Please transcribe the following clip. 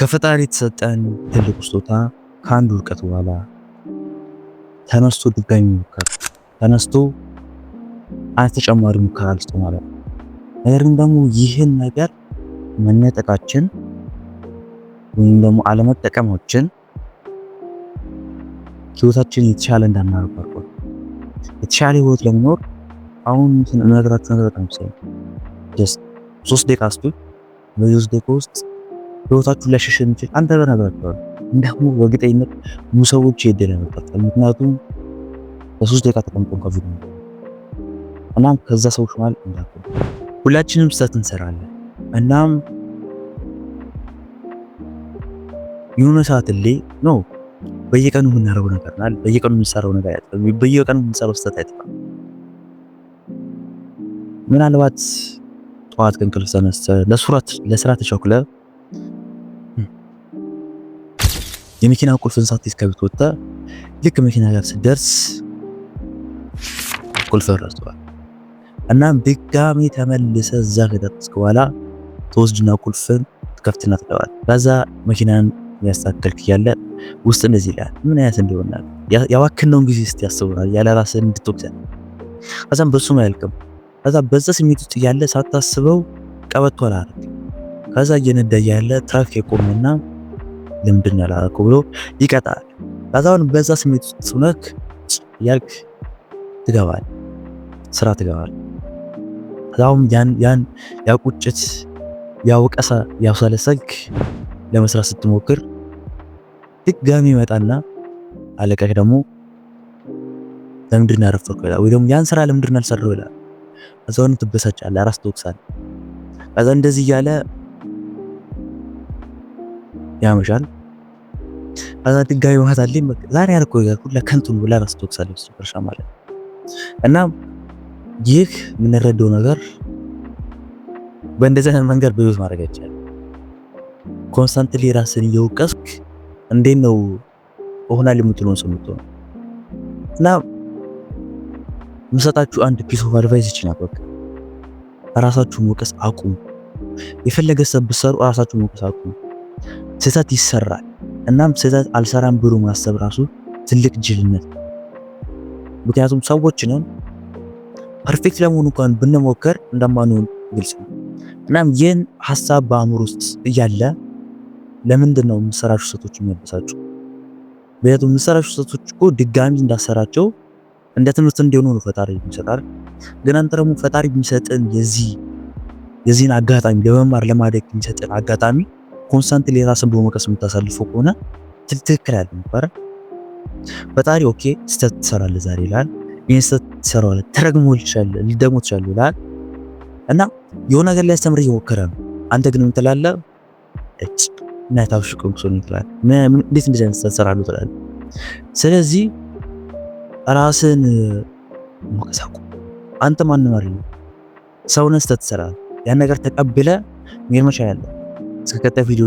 ከፈጣሪ የተሰጠን ትልቁ ስጦታ ከአንድ ውድቀት በኋላ ተነስቶ ድጋሚ ሙከራ ተነስቶ አንድ ተጨማሪ ሙከራ ልስጦ ማለት ነው። ነገር ግን ደግሞ ይህን ነገር መነጠቃችን ወይም ደግሞ አለመጠቀማችን ህይወታችን የተሻለ እንዳናደርግ የተሻለ ህይወት ለመኖር አሁን ስንነግራችሁ ነገር በጣም ሳይ ሶስት ደቂቃ ስጡኝ። በዚህ ደቂቃ ውስጥ ህይወታችሁን ላሸሸ የሚችል አንተ በነገራቸዋል እንዲሁም በእርግጠኝነት ብዙ ሰዎች የደለ መጣል ምክንያቱም በሶስት ደቂቃ ተቀምጦ ከፊ እናም ከዛ ሰዎች ማለት እንዳ ሁላችንም ስህተት እንሰራለን። እናም የሆነ ሰዓት ላይ ነው በየቀኑ የምናረው ነገር ናል በየቀኑ የምንሰራው ነገር ያጥ በየቀኑ የምንሰራው ስህተት አይጠፋም። ምናልባት ጠዋት ከእንቅልፍ ተነስተ ለሱራት ለስራ ተቸኩለ የመኪና ቁልፍን ሳትይዝ ከቤት ወጣ። ልክ መኪና ጋር ስደርስ ቁልፍ ረስተዋል። እናም ድጋሚ ተመልሰ እዛ ከደረስክ በኋላ ተወስድና ቁልፍን ትከፍትና ትለዋል። ከዛ መኪናን ያስተካከልክ እያለ ውስጥ እንደዚህ ይላል። ምን አይነት እንደሆነ ያዋክነውን ጊዜ ስ ያስቡናል ያለ ራስን እንድትወቅሰን ከዛም በሱም አያልቅም። ከዛ በዛ ስሜት ውስጥ እያለ ሳታስበው ቀበቶ አላረግ ከዛ እየነዳ እያለ ትራፊክ የቆመና ለምንድን ያላረከው ብሎ ይቀጣል። ከዛሁን በዛ ስሜት ውስጥ ሆነህ ያልክ ትገባል፣ ስራ ትገባል። ከዛሁን ያን ያን ያቁጭት ያውቀሳ ያውሰለሰግ ለመስራት ስትሞክር ድጋሚ ይመጣና አለቃህ ደግሞ ለምንድን ያረፈርከው ይላል፣ ወይ ደግሞ ያን ስራ ለምንድን አልሰራው ይላል። ከዛሁን ትበሳጫለህ፣ ራስ ትወቅሳለህ። ከዛ እንደዚህ እያለ ያመሻል። ከዛ ድጋሚ ማታ ላይ ዛሬ ያልኩህ ሁላ ከንቱን ነው ለራስ ትወቅሳለህ በስተመጨረሻ ማለት ነው። እና ይህ የምንረዳው ነገር በእንደዚህ አይነት መንገድ ብዙ ማድረግ አይቻልም። ኮንስታንትሊ ራስን እየወቀስክ እንዴት ነው ሆና የምትለውን ሰምቶ የምትሆነው። እና የምሰጣችሁ አንድ ፒስ ኦፍ አድቫይስ ይችል ነበር፣ ራሳችሁን መውቀስ አቁሙ። የፈለገ ሰብ ብትሰሩ ራሳችሁን መውቀስ አቁሙ። ስህተት ይሰራል። እናም ስህተት አልሰራም ብሎ ማሰብ ራሱ ትልቅ ጅልነት። ምክንያቱም ሰዎች ነን፣ ፐርፌክት ለመሆኑ እንኳን ብንሞከር እንደማንሆን ግልጽ ነው። እናም ይህን ሀሳብ በአእምሮ ውስጥ እያለ ለምንድን ነው የምሰራችሁ ስህተቶች የሚያበሳጩ? ምክንያቱም የምሰራችሁ ስህተቶች እኮ ድጋሚ እንዳሰራቸው እንደ ትምህርት እንዲሆኑ ነው ፈጣሪ የሚሰጣል። ግን አንተ ደግሞ ፈጣሪ የሚሰጥን የዚህን አጋጣሚ ለመማር ለማደግ የሚሰጥን አጋጣሚ ኮንስታንትሊ ራስን በመውቀስ የምታሳልፈው ከሆነ ትክክል ያለ ነበረ። በጣሪ ኦኬ ስህተት ትሰራለህ ዛሬ ይልሃል። ይህን ስህተት ትሰራዋለህ፣ ልደሞ ልደግሞልሻል ይልሃል እና የሆነ ነገር ሊያስተምርህ እየሞከረ ነው። አንተ ግን ምን ትላለህ? እጭ ናታውሽ ቁምሶ ነው እንዴት እንደዚህ አይነት ስህተት ትሰራለህ ትላለህ። ስለዚህ ራስን መውቀስ አቁም። አንተ ማንም አይደለም ሰውነ ስህተት ትሰራለህ። ያን ነገር ተቀብለ መሄድ መቻል ያለብህ se video até vir